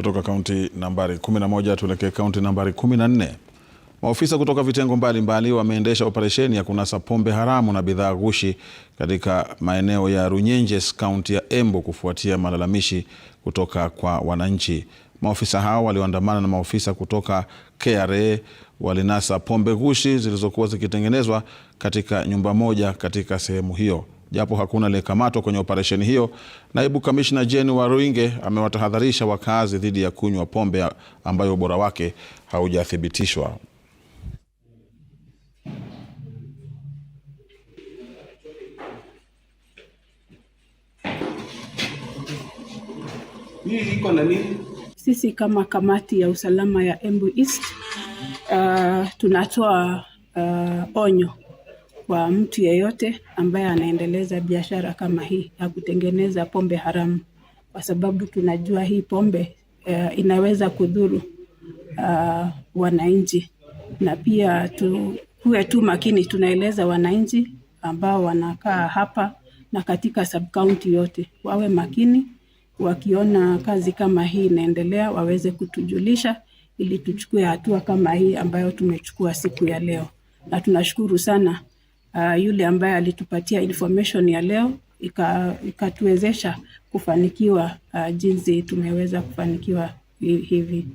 Kutoka kaunti nambari 11 tuelekee kaunti nambari 14. Maofisa kutoka vitengo mbalimbali wameendesha operesheni ya kunasa pombe haramu na bidhaa ghushi katika maeneo ya Runyenjes, kaunti ya Embu, kufuatia malalamishi kutoka kwa wananchi. Maofisa hao walioandamana na maofisa kutoka KRA walinasa pombe ghushi zilizokuwa zikitengenezwa katika nyumba moja katika sehemu hiyo japo hakuna aliyekamatwa kwenye operesheni hiyo. Naibu kamishna Jane Waruinge amewatahadharisha wakazi dhidi ya kunywa pombe ambayo ubora wake haujathibitishwa. Sisi kama kamati ya usalama ya Embu East uh, tunatoa uh, onyo kwa mtu yeyote ambaye anaendeleza biashara kama hii ya kutengeneza pombe haramu, kwa sababu tunajua hii pombe uh, inaweza kudhuru uh, wananchi, na pia tukuwe tu makini, tunaeleza wananchi ambao wanakaa hapa na katika county yote wawe makini, wakiona kazi kama hii inaendelea waweze kutujulisha ili tuchukue hatua kama hii ambayo tumechukua siku ya leo, na tunashukuru sana uh, yule ambaye alitupatia information ya leo ikatuwezesha ika kufanikiwa uh, jinsi tumeweza kufanikiwa hivi.